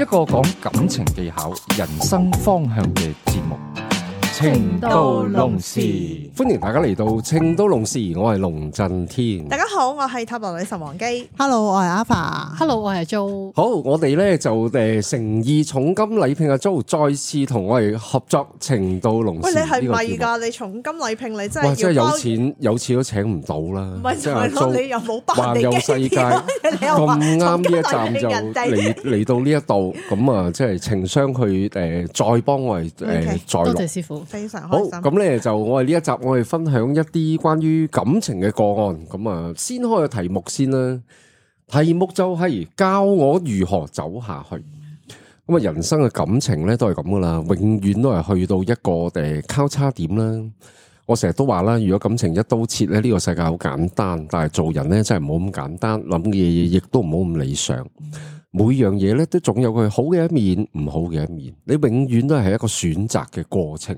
一個講感情技巧、人生方向嘅節目。情到龍匙，歡迎大家嚟到情到龍匙，我係龍震天。大家好，我係塔羅女神王姬。Hello，我係阿爸。Hello，我係 Jo。好，我哋咧就誒誠意重金禮聘阿 Jo，再次同我哋合作情到龍匙。喂，你係咪噶？你重金禮聘你真係要？哇，真係有錢有錢都請唔到啦。唔係做你又冇包你嘅天。咁啱呢一站就嚟嚟到呢一度咁啊，即係情商去誒再幫我哋誒再多謝師傅。非常好，咁咧，就我哋呢一集，我哋分享一啲關於感情嘅個案。咁啊，先開個題目先啦。題目就係教我如何走下去。咁啊，人生嘅感情咧，都係咁噶啦，永遠都係去到一個誒交叉點啦。我成日都話啦，如果感情一刀切咧，呢個世界好簡單，但係做人咧，真係唔好咁簡單，諗嘅嘢亦都唔好咁理想。每樣嘢，咧都總有佢好嘅一面、唔好嘅一面。你永遠都係一個選擇嘅過程。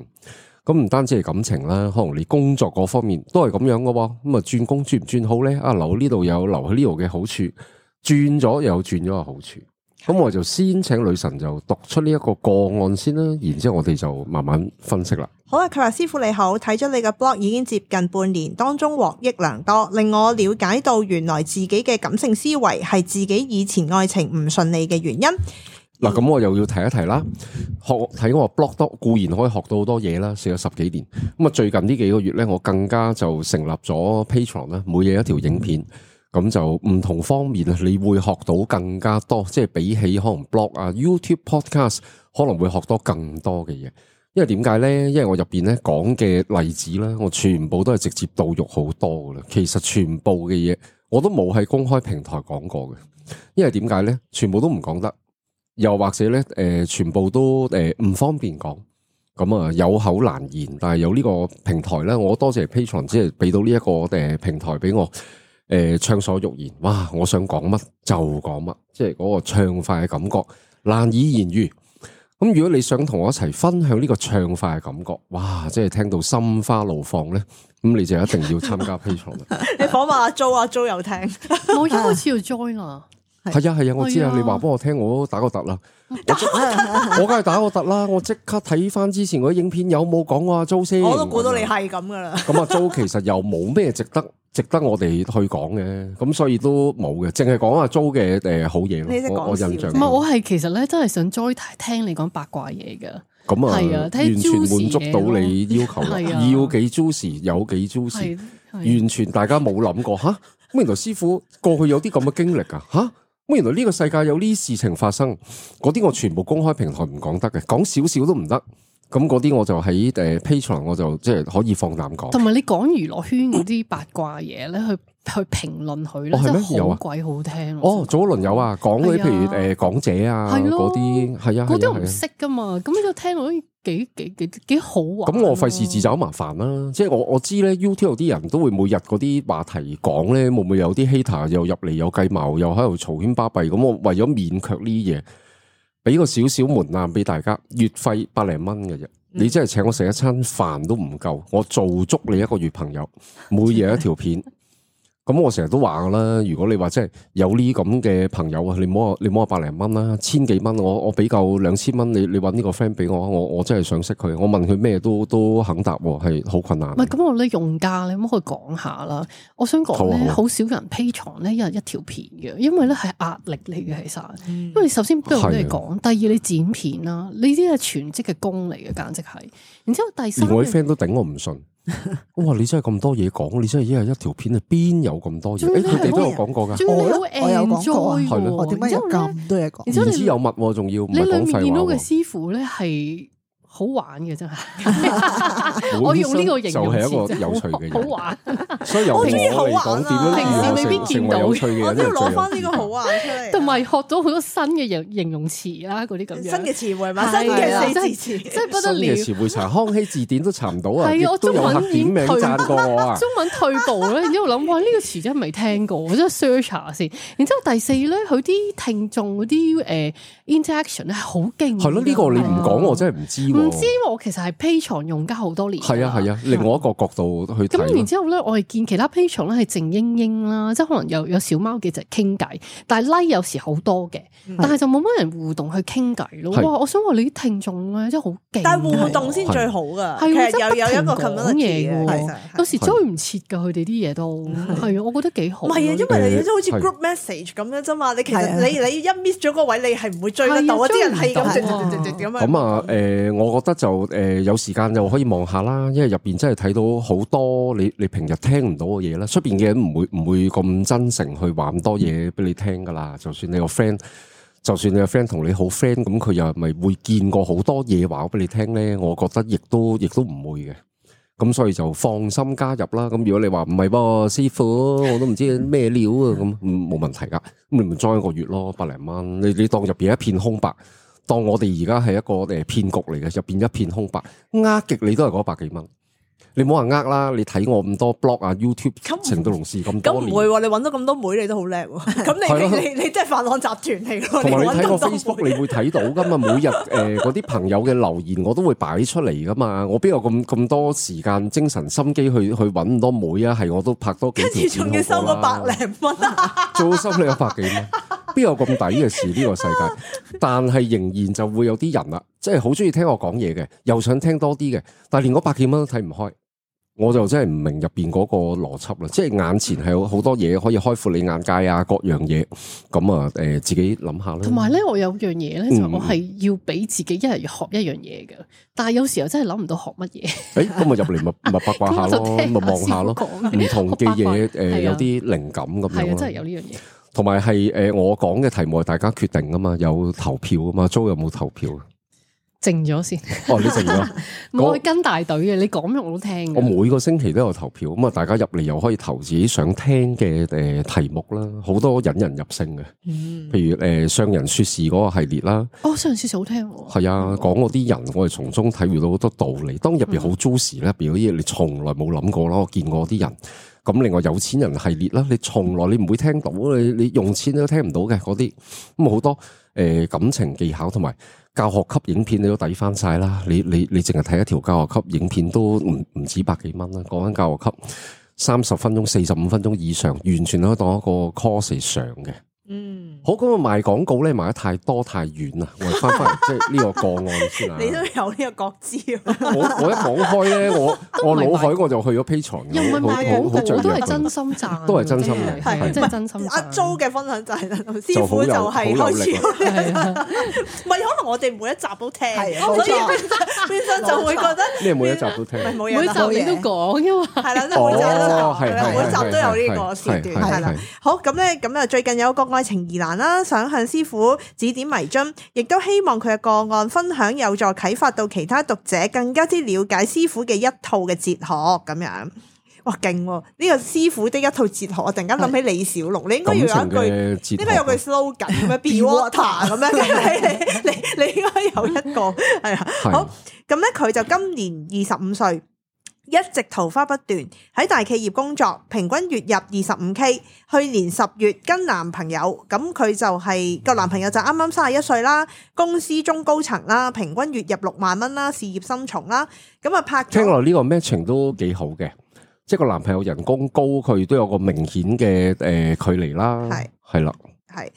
咁唔單止係感情啦，可能你工作嗰方面都係咁樣噶。咁啊，轉工轉唔轉好咧？啊，留喺呢度有留喺呢度嘅好處，轉咗又有轉咗嘅好處。咁我就先請女神就讀出呢一個個案先啦，然之後我哋就慢慢分析啦。好啊，啟華師傅你好，睇咗你嘅 blog 已經接近半年，當中獲益良多，令我了解到原來自己嘅感性思維係自己以前愛情唔順利嘅原因。嗱，咁我又要提一提啦，學睇我 blog 多固然可以學到好多嘢啦，寫咗十幾年。咁啊，最近呢幾個月咧，我更加就成立咗 Patreon 啦，每日一條影片。嗯咁就唔同方面啊，你會學到更加多，即係比起可能 blog 啊、YouTube、Podcast 可能會學到更多嘅嘢。因為點解咧？因為我入邊咧講嘅例子啦，我全部都係直接導入好多噶啦。其實全部嘅嘢我都冇喺公開平台講過嘅。因為點解咧？全部都唔講得，又或者咧，誒、呃，全部都誒唔、呃、方便講。咁啊，有口難言。但係有呢個平台咧，我多謝 Patreon 即係俾到呢、這、一個誒、呃、平台俾我。誒，暢、呃、所欲言，哇！我想講乜就講乜，即係嗰個暢快嘅感覺難以言喻。咁如果你想同我一齊分享呢個暢快嘅感覺，哇！即係聽到心花怒放咧，咁你就一定要參加 Patreon 你講埋阿 Jo 阿 Jo 又聽，我一開始要 join 啊。係啊係啊，我知啊，你話幫我聽，我都打個突啦。我梗係 打個突啦，我即刻睇翻之前嗰啲影片有冇講阿 Jo 先。我都估到你係咁噶啦。咁阿 Jo 其實又冇咩值得。值得我哋去講嘅，咁所以都冇嘅，淨係講下租嘅誒好嘢咯。我印象唔、就、係、是，我係其實咧真係想再 o 聽你講八卦嘢噶。咁啊，完全滿足到你要求，啊、要幾 juicy 有幾 juicy，完全大家冇諗過吓。咁、啊啊啊、原來師傅過去有啲咁嘅經歷啊。吓、啊。咁原來呢個世界有啲事情發生，嗰啲我全部公開平台唔講得嘅，講少少都唔得。咁嗰啲我就喺誒 Patreon，我就即係可以放膽講。同埋你講娛樂圈嗰啲八卦嘢咧，去去評論佢咧，真係好鬼好聽。哦，做咗輪有啊，講嗰啲譬如誒港姐啊，嗰啲係啊，嗰啲唔識噶嘛。咁你就聽到幾幾幾幾好啊？咁我費事自找麻煩啦。即係我我知咧，YouTube 啲人都會每日嗰啲話題講咧，會唔會有啲 hater 又入嚟又計謀又喺度嘈喧巴閉？咁我為咗勉強呢啲嘢。俾個少少門檻俾大家小小，月費百零蚊㗎咋，你真係請我食一餐飯都唔夠，我做足你一個月朋友，每日一條片。 咁我成日都話啦，如果你話即係有呢咁嘅朋友啊，你唔好啊，你唔好百零蚊啦，千幾蚊，我我畀夠兩千蚊，你你揾呢個 friend 俾我，我我真係想識佢，我問佢咩都都肯答，係好困難。唔係咁我咧用價，你可唔可以講下啦？我想講咧，好少人 Patreon 咧，一日一條片嘅，因為咧係壓力嚟嘅，其實。嗯、因為你首先不你，不如我哋講。第二，你剪片啦，呢啲係全職嘅工嚟嘅，簡直係。然之後第三個，連我啲 friend 都頂我唔順。我話你真係咁多嘢講，你真係一日一條片啊！邊有咁多嘢？佢哋都有講過噶，我有講過、啊，係咯了？點解咁多嘢講？知有乜仲、啊、要？唔你兩面刀嘅師傅咧係。好玩嘅真係，我用呢個形容一詞真係好玩。所以由我嚟講，好玩，平時未必見到。我都攞翻呢個好玩出嚟，同埋學到好多新嘅形容詞啦，嗰啲咁樣新嘅詞彙嘛，新嘅四字詞，真係不得了。新嘅詞彙查康熙字典都查唔到啊！係啊，我中文已名贊過啊！中文退步啦，然後諗哇，呢個詞真係未聽過，我真係 search 下先。然之後第四咧，佢啲聽眾嗰啲誒 interaction 係好勁。係咯，呢個你唔講我真係唔知唔知我其實係 P 床用家好多年，係啊係啊，另外一個角度去。咁然之後咧，我係見其他 P 床咧係靜英英啦，即係可能有有小貓幾隻傾偈，但係 l i k 有時好多嘅，但係就冇乜人互動去傾偈咯。哇！我想話你啲聽眾咧，真係好勁，但係互動先最好噶，係喎，真有一個 c o m m u 有時追唔切噶，佢哋啲嘢都係啊，我覺得幾好。唔係啊，因為你即係好似 group message 咁樣啫嘛，你其實你你一 miss 咗個位，你係唔會追得到啊！啲人係咁啊，誒我。我覺得就誒、呃，有時間又可以望下啦，因為入邊真係睇到好多你你平日聽唔到嘅嘢啦。出邊嘅人唔會唔會咁真誠去話咁多嘢俾你聽噶啦。就算你個 friend，就算你個 friend 同你好 friend，咁佢又咪會見過好多嘢話俾你聽咧？我覺得亦都亦都唔會嘅。咁所以就放心加入啦。咁如果你話唔係噃，師傅我都唔知咩料啊，咁冇問題噶。咁你咪裝一個月咯，百零蚊，你你當入邊一片空白。當我哋而家係一個誒騙局嚟嘅，入邊一片空白，呃極你都係嗰百幾蚊。你冇人呃啦！你睇我咁多 blog 不啊、YouTube、情到龍匙咁多年，咁唔會喎？你揾到咁多妹，你都好叻喎！咁 你你你你，你，你真係犯案集團嚟咯？同埋你睇我 Facebook， 你會睇到噶嘛？每日誒嗰啲朋友嘅留言，我都會擺出嚟噶嘛？我邊有咁咁 多時間、精神心、心機去去揾咁多妹啊？係我都拍多幾條片好過啦，仲要收個百零蚊啊？做收你個百幾蚊？邊有咁抵嘅事？呢 個世界，但係仍然就會有啲人啦，即係好中意聽我講嘢嘅，又想聽多啲嘅，但係連個百幾蚊都睇唔開。我就真係唔明入邊嗰個邏輯啦，即係眼前係有好多嘢可以開闊你眼界啊，各樣嘢咁啊，誒，自己諗下啦。同埋咧，我有樣嘢咧，就係我係要俾自己一日要學一樣嘢嘅，嗯、但係有時候真係諗唔到學乜嘢。誒、欸，咁咪入嚟咪咪八卦下咯，咪望，啊，下，下咯，唔同嘅嘢誒，有啲靈感咁樣咯。真係有呢樣嘢。同埋係誒，我講嘅題目係大家決定噶嘛，有投票啊嘛租 有冇投票？靜咗先。哦，你靜咗。我會 跟大隊嘅，你講咩我都聽。我每個星期都有投票，咁啊，大家入嚟又可以投自己想聽嘅誒題目啦，好多引人入勝嘅。嗯。譬如誒，上人說事嗰個系列啦，嗯。哦，上人說事好聽，哦。係啊，講嗰啲人，我哋從中體會到好多道理。當入邊好糟時咧，入邊嗰啲嘢你從來冇諗過咯，我見過啲人。咁另外有錢人系列啦，你從來你唔會聽到，你你用錢都聽唔到嘅嗰啲，咁好多誒感情技巧同埋教、教學級影片，你都抵翻晒啦。你你你淨係睇一條教學級影片都唔唔止百幾蚊啦。講緊教學級，三十分鐘、四十五分鐘以上，完全可以當一個 course 上嘅。嗯。好咁啊！賣廣告咧，賣得太多太遠啦，我翻翻嚟，即係呢個個案先啦。你都有呢個國招。我我一講開咧，我我腦海我就去咗 Patreon。又唔係賣廣告，都係真心賺，都係真心嘅，即係真心。阿租嘅分享就係啦，師傅就係有唔咪可能我哋每一集都聽，所以變相就會覺得。你每一集都聽，每一集你都講，係啦，每集都講，每集都有呢個時段，係啦。好咁咧，咁啊，最近有一個愛情二難啦，想向師傅指點迷津，亦都希望佢嘅個案分享有助啟發到其他讀者，更加之了解師傅嘅一套嘅哲學咁樣。哇，勁！呢個師傅的一套哲學，哦這個，哲學我突然間諗起李小龍，的你應該要有一句，應該有句 slogan 咁樣，be water 咁樣，你你你應該有一個，係啊，好。咁咧，佢就今年二十五歲。一直桃花不斷，喺大企業工作，平均月入二十五 K。去年十月跟男朋友，咁佢就係、是、個、嗯、男朋友就啱啱三十一歲啦，公司中高層啦，平均月入六萬蚊啦，事業心重啦，咁啊拍。聽落呢個 matching 都幾好嘅，即係個男朋友人工高，佢都有個明顯嘅誒距離啦，係係啦，係了。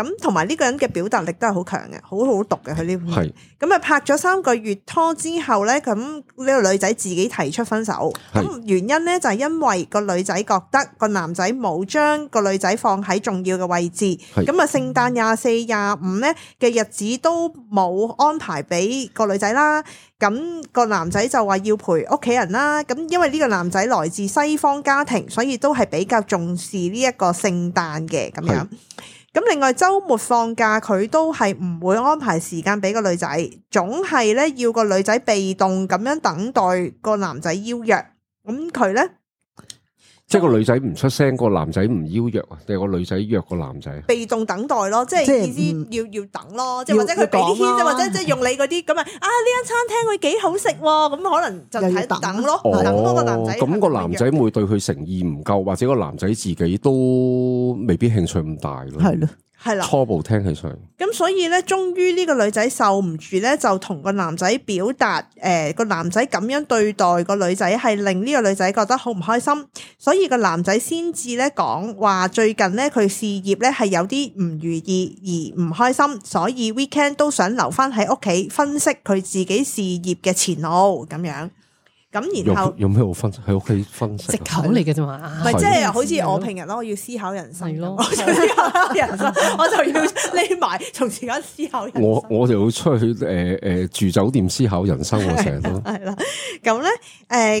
咁同埋呢個人嘅表達力都係好強嘅，好好讀嘅佢呢邊。係咁啊，拍咗三個月拖之後呢，咁呢個女仔自己提出分手。咁是原因呢，就係因為個女仔覺得個男仔冇將個女仔放喺重要嘅位置。咁啊是，聖誕廿四廿五呢嘅日子都冇安排俾個女仔啦。咁個男仔就話要陪屋企人啦。咁因為呢個男仔來自西方家庭，所以都係比較重視呢一個聖誕嘅咁樣。咁另外週末放假佢都係唔會安排時間畀個女仔，總係咧要個女仔被動咁樣等待個男仔邀約，咁佢咧。即係個女仔唔出聲，個男仔唔邀約啊，定係個女仔約個男仔？被動等待咯，即係意思要要，要等咯，即係或者佢俾啲錢，或者即係要用你嗰啲咁啊？啊呢間餐廳佢幾好食，咁可能就睇等咯。等個男仔哦，咁個男仔、嗯、的會對佢誠意唔夠，或者個男仔自己都未必興趣咁大咯。係咯。係啦，初步聽起上，咁所以咧，終於呢個女仔受唔住咧，就同個男仔表達，誒、呃、個男仔咁樣對待個女仔係令呢個女仔覺得好唔開心，所以個男仔先至咧講話最近咧佢事業咧係有啲唔如意而唔開心，所以 weekend 都想留翻喺屋企分析佢自己事業嘅前路咁樣。咁然後有咩好分享，喺屋企分享？思考嚟嘅啫嘛，唔係即係好似我平日咯，我要思考人生，我思考人生我就要匿埋，從時間思考人生。我我就會出去誒誒住酒店思考人生我成日都，係啦。咁咧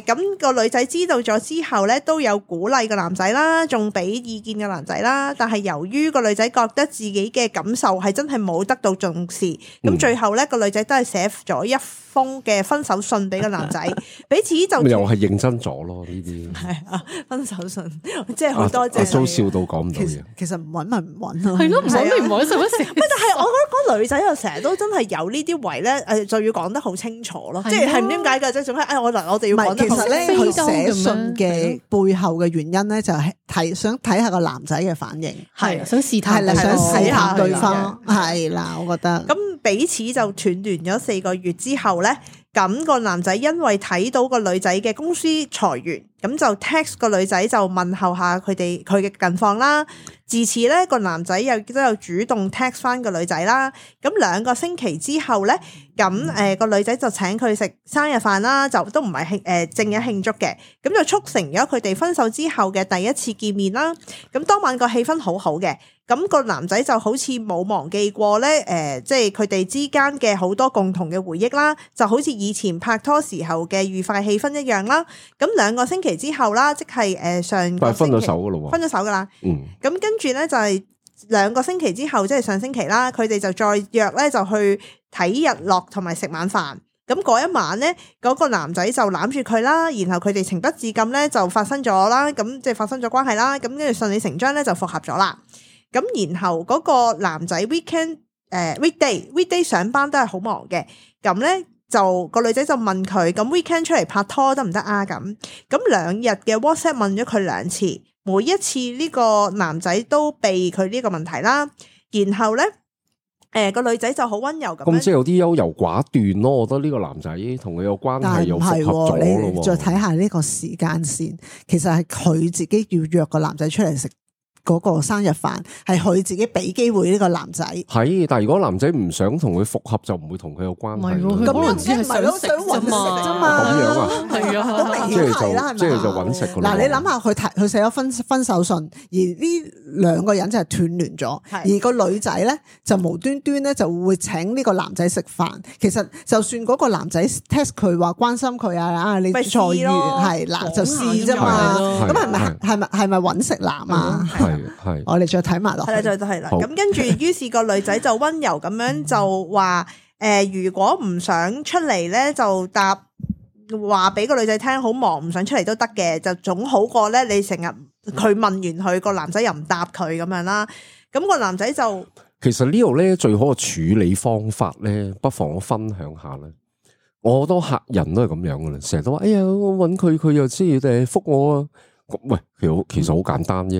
誒，咁個女仔知道咗之後咧，都有鼓勵個男仔啦，仲俾意見嘅男仔啦。但係由於個女仔覺得自己嘅感受係真係冇得到重視，咁最後咧個女仔都係寫咗一封嘅分手信俾個男仔，俾。就又係認真咗咯，呢啲係啊，分手信即係好多，即係都笑到講唔到嘢。其實唔搵咪唔搵咯，係咯唔搵咪唔搵，時，但係我覺得嗰女仔又成日都真係有呢啲位咧，誒，就要講得好清楚咯。即係係點解嘅？即係仲係誒，我嗱我哋要講得好清楚。其實咧，佢寫信嘅背後嘅原因咧，就係睇想睇下個男仔嘅反應，係想試探，係想睇下對方，係啦，我覺得。咁彼此就斷聯咗四個月之後咧。咁個男仔因為睇到個女仔嘅公司裁員。咁就 text 個女仔就問候下佢哋佢嘅近況啦。自此咧個男仔又都有主動 text 翻個女仔啦。咁兩個星期之後咧，咁誒個女仔就請佢食生日飯啦，就都唔係慶誒正日慶祝嘅。咁就促成咗佢哋分手之後嘅第一次見面啦。咁當晚個氣氛好好嘅，咁個男仔就好似冇忘記過咧誒即係佢哋之間嘅好多共同嘅回憶啦，就好似以前拍拖時候嘅愉快氣氛一樣啦。咁兩個星期。之後啦，即係誒上個星期，分咗手噶咯，分咗手噶啦。嗯，咁跟住咧就係、是、兩個星期之後，即、就、係、是、上星期啦，佢哋就再約咧就去睇日落同埋食晚飯。咁嗰一晚咧，嗰、那個男仔就攬住佢啦，然後佢哋情不自禁咧就發生咗啦，咁即係發生咗關係啦。咁跟住順理成章咧就復合咗啦。咁然後嗰個男仔 weekend 誒、呃、weekday weekday 上班都係好忙嘅，咁咧。就、個女仔就問佢咁 weekend 出嚟拍拖得唔得啊？咁咁兩日嘅 WhatsApp 問咗佢兩次，每一次呢個男仔都避佢呢個問題啦。然後呢，誒、呃個女仔就好溫柔咁。咁即係有啲優柔寡斷咯，我覺得呢個男仔同佢有關係又合左咯，啊。你再睇下呢個時間線，其實係佢自己要約個男仔出嚟食。嗰個生日飯係佢自己俾機會呢個男仔，係但係如果男仔唔想同佢復合就唔會同佢有關係，咁樣只係想食啫嘛，咁係啊，咁明顯啦即係就即係就搵食嗱。你諗下佢提佢寫咗分分手信，而呢兩個人就係斷聯咗，而個女仔咧就無端端咧就會請呢個男仔食飯。其實就算嗰個男仔 test 佢話關心佢啊，啊你再遇係嗱，就試啫嘛，咁係咪係咪係咪搵食男啊？係，我哋再睇埋咯。係啦，就就係啦。咁跟住，於是個女仔就溫柔咁樣就話：，誒，如果唔想出嚟咧，就答話俾個女仔聽，好忙，唔想出嚟都得嘅，就總好過咧。你成日佢問完佢、 個男仔又唔答佢咁樣啦。咁個男仔就其實呢度咧最好嘅處理方法咧，不妨我分享下啦。我好多客人都係咁樣噶啦，成日都話：，哎呀，我搵佢，佢又知誒，覆我啊。喂，其實其實好簡單啫，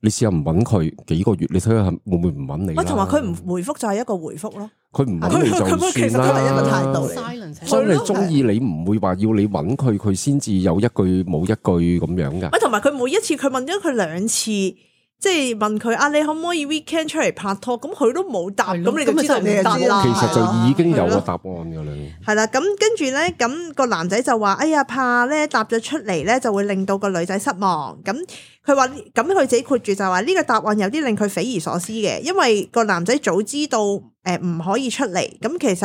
你試下唔揾佢幾個月，你睇下會唔會唔揾你？我同埋佢唔回覆就係一個回覆咯，佢唔揾你就算啦，佢其實都係一個態度。所以你中意你唔會話要你揾佢，佢先至有一句冇一句咁樣噶。我同埋佢每一次佢問咗佢兩次。即係問佢啊，你可唔可以 weekend 出嚟拍拖？咁佢都冇答，咁你咁就唔知啦。其實就已經有個答案噶啦。係啦，咁跟住咧，咁個男仔就話：，哎呀，怕咧答咗出嚟咧，就會令到個女仔失望。咁佢話：，咁佢自己括住就話呢個答案有啲令佢匪夷所思嘅，因為個男仔早知道誒唔可以出嚟。咁其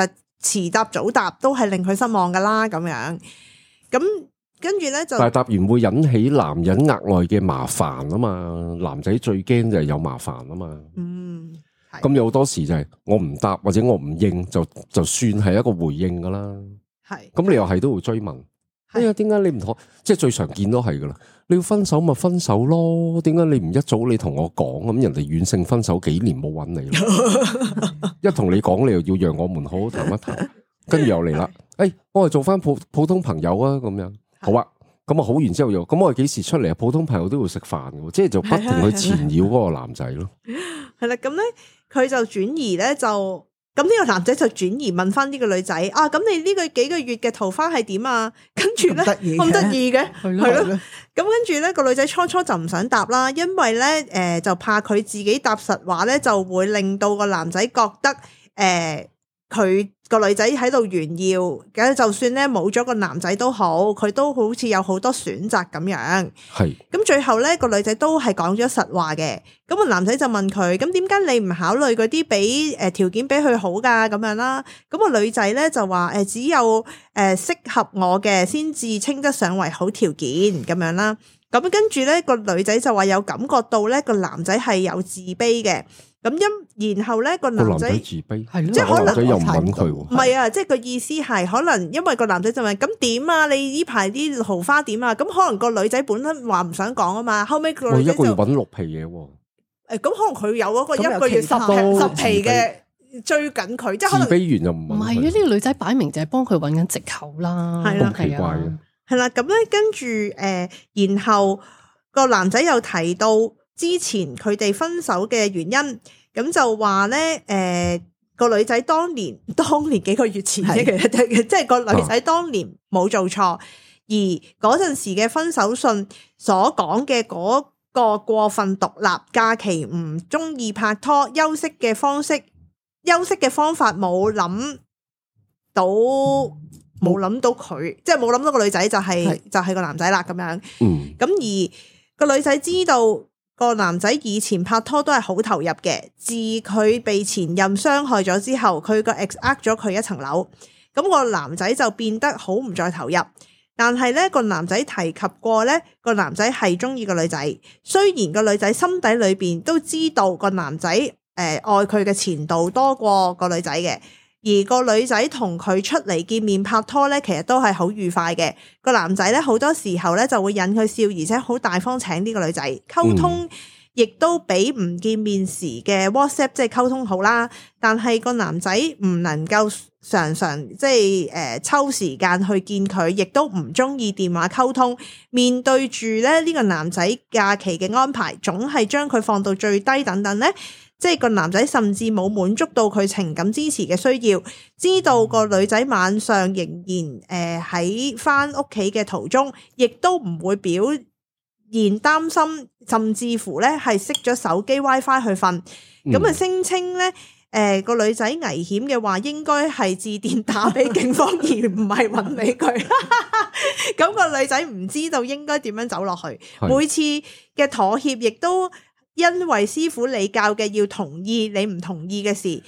實遲答早答都係令佢失望噶啦。咁樣咁。跟住咧就，但係答完會引起男人額外嘅麻煩啊嘛，男仔最驚就係有麻煩啊嘛。嗯，咁有好多時就係我唔答或者我唔應就就算係一個回應噶啦。係，咁你又係都會追問，哎呀，點解你唔可？即係最常見都係噶啦，你要分手咪分手咯？點解你唔一早你同我講咁？人哋遠勝分手幾年冇搵你，一同你講你又要讓我們好好談一談，跟住又嚟啦。哎，我係做翻普普通朋友啊，咁樣。好啊，咁啊好完之後又，咁我幾時出嚟啊？普通朋友都會食飯嘅，即係就不斷去纏繞嗰個男仔咯。係啦，咁咧佢就轉移咧就，咁呢個男仔就轉移問翻呢個女仔啊，咁你呢個幾個月嘅桃花係點啊？跟住咧咁得意嘅，係咯，咁跟住咧、嗰個女仔初初就唔想答啦，因為咧誒、呃、就怕佢自己答實話咧，就會令到個男仔覺得誒。呃佢個女仔喺度炫耀，咁就算咧冇咗個男仔都好，佢都好似有好多選擇咁是樣。係咁最後咧，個女仔都係講咗實話嘅。咁個男仔就問佢，咁點解你唔考慮嗰啲比誒條件比佢好㗎？咁樣啦。咁個女仔咧就話，誒，只有誒適合我嘅，先至稱得上為好條件咁樣啦。咁跟住咧，個女仔就話有感覺到咧，個男仔係有自卑嘅。咁因然後咧，個男仔自卑，即係可能又唔揾佢喎。唔係啊，即係個意思係可能因為個男仔就問：咁點啊？你呢排啲桃花點啊？咁可能個女仔本身話唔想講啊嘛。後尾佢一個月揾六皮嘢。誒，咁可能佢有嗰個一個月十十皮嘅追緊佢，即係可能自卑完又唔係啊？呢個女仔擺明就係幫佢揾緊藉口啦。係啊，奇怪。係啦，咁咧跟住誒、呃，然後個男仔又提到之前佢哋分手嘅原因，咁就話咧誒，個、呃、女仔當年當年幾個月前，即係個女仔當年冇做錯，啊、而嗰陣時嘅分手信所講嘅嗰個過分獨立、假期唔中意拍拖、休息嘅方式、休息嘅方法冇諗到。冇諗到佢，即係冇諗到個女仔就係、是、是就係個男仔啦咁樣。咁、嗯、而個女仔知道個男仔以前拍拖都係好投入嘅，自佢被前任傷害咗之後，佢個 ex 呃咗佢一層樓，咁、個男仔就變得好唔再投入。但係咧、個男仔提及過咧，個男仔係中意個女仔，雖然個女仔心底裏邊都知道個男仔誒、呃、愛佢嘅前度多過個女仔嘅。而個女仔同佢出嚟見面拍拖咧，其實都係好愉快嘅。個男仔咧，好多時候咧就會引佢笑，而且好大方請呢個女仔溝通，嗯、亦都比唔見面時嘅 WhatsApp 即係溝通好啦。但係個男仔唔能夠常常即係誒、呃、抽時間去見佢，亦都唔中意電話溝通。面對住咧呢個男仔假期嘅安排，總係將佢放到最低等等呢。即係個男仔甚至冇滿足到佢情感支持嘅需要，知道個女仔晚上仍然誒喺翻屋企嘅途中，亦都唔會表現擔心，甚至乎咧係熄咗手機 WiFi 去瞓。咁啊聲稱咧誒個女仔危險嘅話，應該係致電打俾警方，而唔係搵俾佢。咁 個女仔唔知道應該點樣走落去。是每次嘅妥協亦都。因為師傅你教嘅要同意你唔同意嘅事，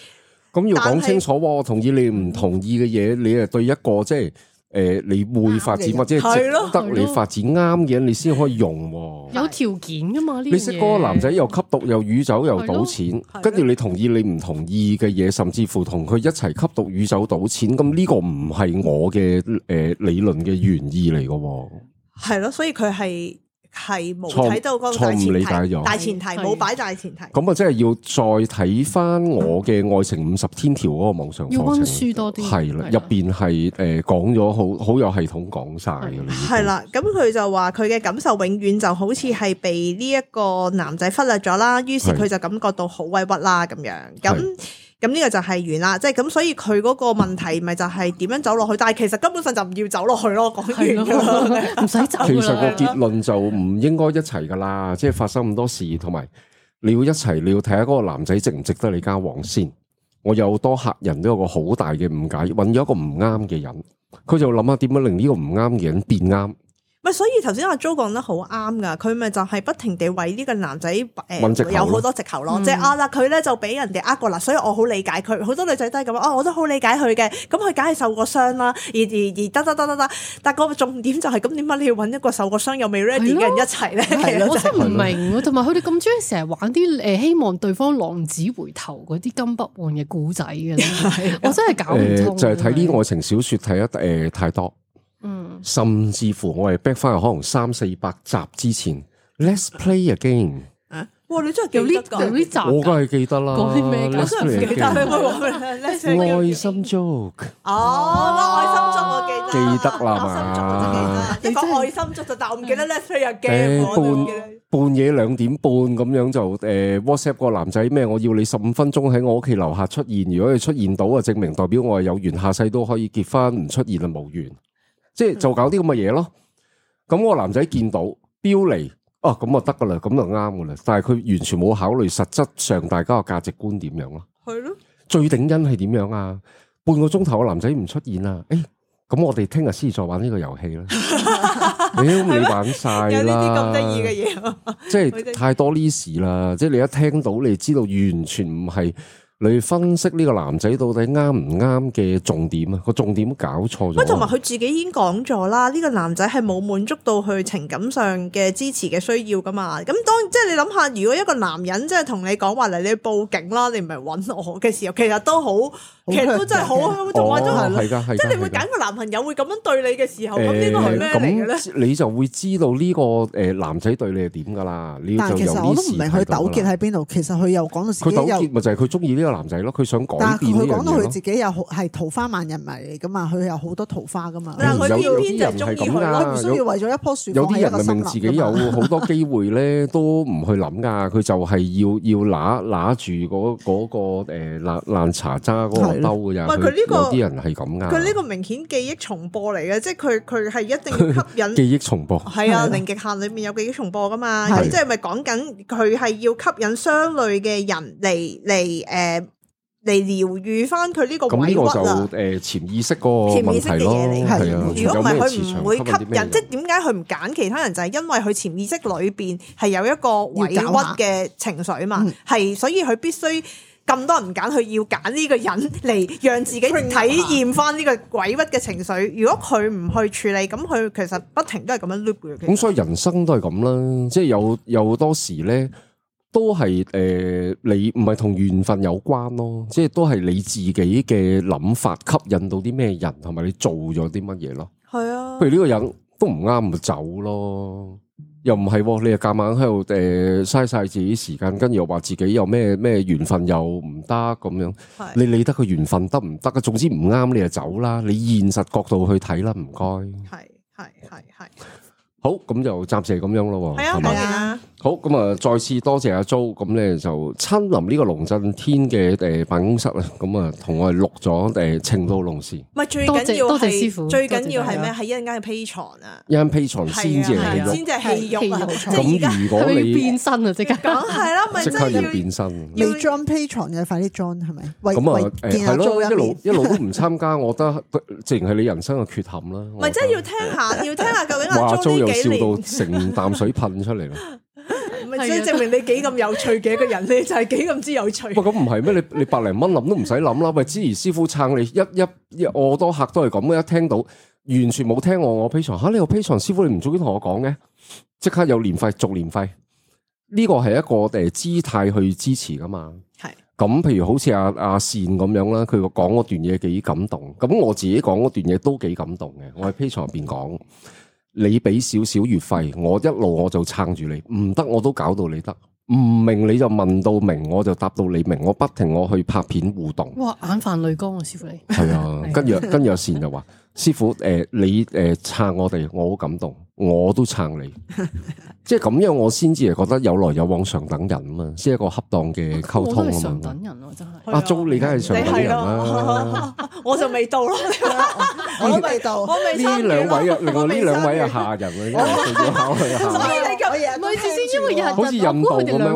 咁是要講清楚喎。我同意你唔同意嘅嘢，你係對一個即係誒、呃，你會發展或者係得你發展啱嘅，了你先可以用。有條件噶嘛呢？你識嗰個男仔又吸毒又酗酒又賭錢，跟住你同意你唔同意嘅嘢，甚至乎同佢一齊吸毒酗酒賭錢，咁呢個唔係我嘅誒理論嘅原意嚟噶。係咯，所以佢係。係冇睇到個大前提，大前提冇擺大前提。咁啊，即係要再睇翻我嘅《愛情五十天條》嗰個網上要溫書多啲，係啦的，入邊係誒講咗好好有系統講晒。嘅。係啦，咁佢就話佢嘅感受永遠就好似係被呢一個男仔忽略咗啦，於是佢就感覺到好委屈啦咁樣咁。的那咁呢個就係完啦，即係咁，所以佢嗰個問題咪就係點樣走落去？但係其實根本上就唔要走落去咯。講完啦，唔使走啦 其實個結論就唔應該一齊噶啦，即係發生咁多事，同埋你要一齊，你要睇下嗰個男仔值唔值得你交往先。我有好多客人都有個好大嘅誤解，揾咗一個唔啱嘅人，佢就諗下點樣令呢個唔啱嘅人變啱。所以頭先阿 Jo 講得好啱噶，佢咪就係不停地為呢個男仔誒、呃、有好多藉頭咯，嗯、即係啊，立佢咧就俾人哋呃過啦，所以我好理解佢。好多女仔都係咁啊，我都好理解佢嘅。咁佢梗係受過傷啦，而而而得得得得得，但係個重點就係咁，點解你要揾一個受過傷又未 ready 嘅人一齊咧的？ 我真係唔明。同埋佢哋咁中意成日玩啲誒希望對方浪子回頭嗰啲金不換嘅故仔嘅，的我真係搞唔通。呃、就係睇啲愛情小説睇得誒、呃、太多。嗯，甚至乎我係 back 翻去，可能三四百集之前，Let's Play Again 啊！哇，你真係叫呢叫呢集，我梗係記得啦。講啲咩？Let's Play Again，愛心粥哦，愛心粥我記得，記得啦，愛心粥就記得，你講愛心粥就，但我唔記得 Let's Play Again。半半夜兩點半咁樣就誒，WhatsApp 個男仔咩？我要你十五分鐘喺我屋企樓下出現，如果你出現到啊，證明代表我係有緣，下世都可以結婚，唔出現就無緣。即係就搞啲咁嘅嘢咯，咁個男仔見到標嚟，哦，咁啊得噶啦，咁就啱噶啦。但係佢完全冇考慮實質上大家嘅價值觀點樣咯。係咯的，最頂癮係點樣啊？半個鐘頭個男仔唔出現啊！誒、欸，咁我哋聽日先再玩呢個遊戲、 欸、啦。你都未玩晒啦，啲咁得意嘅嘢，即係太多呢事啦。 即係你一聽到，你知道完全唔係。你分析呢個男仔到底啱唔啱嘅重點啊？個重點都搞錯咗。同埋佢自己已經講咗啦，呢、呢個男仔係冇滿足到佢情感上嘅支持嘅需要㗎嘛。咁當即係你諗下，如果一個男人即係同你講話嚟，你報警啦，你唔係揾我嘅時候，其實都好。其實都真係好啊！我仲話咗係，即係你會揀個男朋友會咁樣對你嘅時候，咁呢個係咩嚟？你就會知道呢個誒男仔對你係點噶啦。但係其實我都唔明佢糾結喺邊度。其實佢又講到佢糾結，咪就係佢中意呢個男仔咯。佢想改變，但係佢講到佢自己有好係桃花萬人迷嚟噶嘛，佢有好多桃花噶嘛。但係佢要偏又中意佢，唔需要為咗一棵樹改變個森林。有啲人明明自己有好多機會咧，都唔去諗噶。佢就係要要拿拿住嗰嗰個誒爛爛茶渣嗰個兜嘅又，有啲人係咁噶。佢呢個明顯記憶重播嚟嘅，即係佢佢係一定要吸引記憶重播。係啊，零極限裏面有記憶重播噶嘛？即係咪講緊佢係要吸引相類嘅人嚟嚟誒嚟療愈翻佢呢個委屈啊？誒，潛意識嗰個潛意識嘅嘢嚟係。如果唔係佢唔會吸引，即係點解佢唔揀其他人？就係因為佢潛意識裏邊係有一個委屈嘅情緒嘛。係所以佢必須。咁多人唔揀，佢要揀呢個人嚟讓自己體驗翻呢個鬼屈嘅情緒。如果佢唔去處理，咁佢其實不停都係咁樣 loop 嘅。咁所以人生都係咁啦，即係有有好多時咧，都係誒，你唔係同緣分有關咯，即係都係你自己嘅諗法吸引到啲咩人，同埋你做咗啲乜嘢咯。係是啊，譬如呢個人都唔啱咪走咯。又唔係、哦，你又夾硬喺度誒，嘥、呃、晒自己時間，跟住又話自己有咩咩緣分又唔得咁樣，係是你理得佢緣分得唔得啊？總之唔啱，你就走啦。你現實角度去睇啦，唔該。係係係係。 好係，咁就暫時咁樣咯，係啊係啊。好咁啊，再次多謝阿周，咁咧就親臨呢個龍震天嘅誒辦公室啊，咁啊同我哋錄咗誒《情到龍匙》。唔係最緊要，多謝師傅。最緊要係咩？係一陣間嘅 Patreon 啊，一陣 Patreon 先至係先至係用咁，如果你變身啊，即刻講係啦，咪即刻要變身。未 join Patreon 嘅，快啲 join 係咪？咁啊，係咯，一路一路都唔參加，我覺得淨係你人生嘅缺陷啦。唔係，真係要聽下，要聽下究竟阿周。笑到成啖水噴出嚟咯！咪即係證明你幾咁有趣嘅一個人， 你就係幾咁之有趣 不。哇！咁唔係咩？你你百零蚊諗都唔使諗啦。喂， 之賢師傅撐你一一一，我多客都係咁。一聽到完全冇聽我我 Patreon 吓，你個 Patreon 師傅你唔早啲同我講嘅，即刻有年費續年費。呢個係一個誒姿態去支持噶嘛。係咁是，譬如好似阿阿善咁樣啦，佢個講嗰段嘢幾感動。咁我自己講嗰段嘢都幾感動嘅。我喺 p Patreon 入邊講。你俾少少月費，我一路我就撐住你，唔得我都搞到你得，唔明你就問到明，我就答到你明，我不停我去拍片互動。哇！眼泛淚光啊，師傅你。係啊，跟住 跟住善就話。師傅，誒你誒撐我哋，我好感動，我都撐你，即係咁樣，我先至係覺得有來有往，上等人啊嘛，即係一個恰當嘅溝通啊嘛。我係上等人咯，真係。阿鍾，你梗係係上等人啦。我就未到咯，我未到，我未到。呢兩位啊，呢兩位啊，下人你應該要考佢下人。所以你咁嘅嘢，唔係事先，因為日日，我哋兩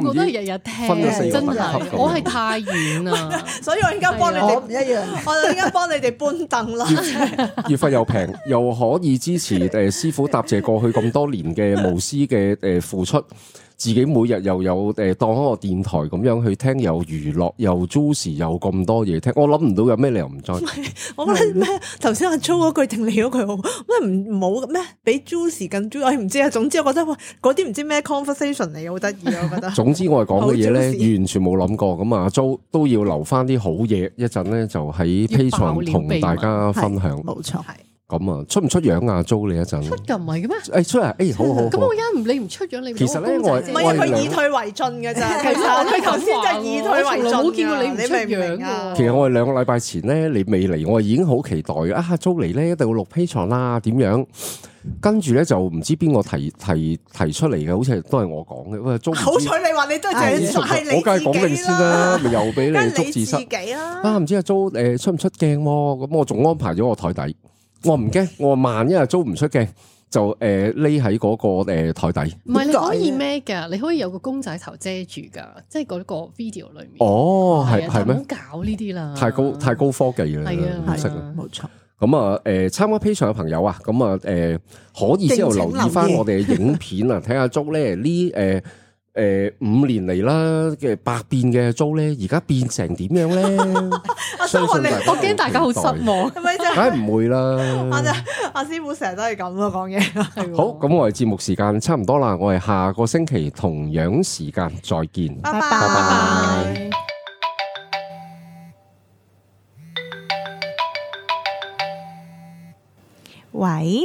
個都日日聽，真係我係太遠啊，所以我應該幫你哋唔一樣，我應該幫你哋搬凳啦。月費又平，又可以支持誒、呃、師傅答謝過去咁多年嘅無私嘅誒、呃、付出。自己每日又有誒、欸、當一個電台咁樣去聽，有娛樂又 juice 又咁多嘢聽，我諗唔到有咩理由唔再？我係，覺得咩頭先阿 Jo 嗰句定你嗰句好咩？唔冇咩比 juice 更 juice？誒唔知啊，總之我覺得哇，嗰啲唔知咩 conversation 嚟嘅，好得意我覺得。 總之我哋講嘅嘢咧，好完全冇諗過咁 啊 Jo 都要留翻啲好嘢，一陣咧就喺 Patreon 同大家分享。冇錯，係的。咁啊，出唔出樣啊？租你一陣，出噶唔係嘅咩？誒，出啊，誒，好好。咁我而家唔理唔出樣，你其實咧我唔係佢以退為進嘅咋，其實我頭先就以退為進啊！我冇見過你唔出樣噶。其實我哋兩個禮拜前咧，你未嚟，我已經好期待啊！租嚟咧一定要六批床啦，點樣？跟住咧就唔知邊個提提提出嚟嘅，好似都係我講嘅。喂，租好彩你話你都係，我梗係講你先啦，咪又俾你捉住自己啊？啊，唔知阿租誒出唔出鏡？咁我仲安排咗我台底。我唔驚，我萬一係租唔出嘅，就誒匿喺嗰個誒台、呃、底。唔係你可以孭噶？你可以有個公仔頭遮住噶，即係嗰個 video 裏面。哦，係係咩？好搞呢啲啦，太高太高科技啦，係啊，冇錯。咁啊，誒參錯、呃、加 P 上嘅朋友啊，咁啊，誒、呃、可以之後留意翻我哋嘅影片啊，睇下租咧呢誒。 看看誒，五年嚟啦，嘅百變嘅租咧，而家變成點樣咧？阿師傅，你我驚大家好失望，係咪真？梗係唔會啦。阿阿師傅成日都係咁囉，講嘢。好，咁我哋節目時間差唔多啦，我哋下個星期同樣時間再見。拜拜。喂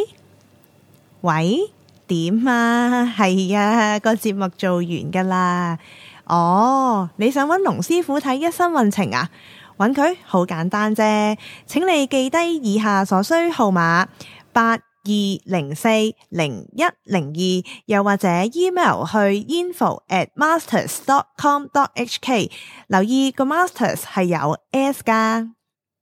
喂。點啊，係啊，個節目做完噶啦。哦，你想揾龍師傅睇一生運程啊？揾佢好簡單啫，請你記低以下所需號碼八二零四零一零二，2, 又或者 email 去 info at masters dot com dot h k。留意個 masters 係有 s 噶。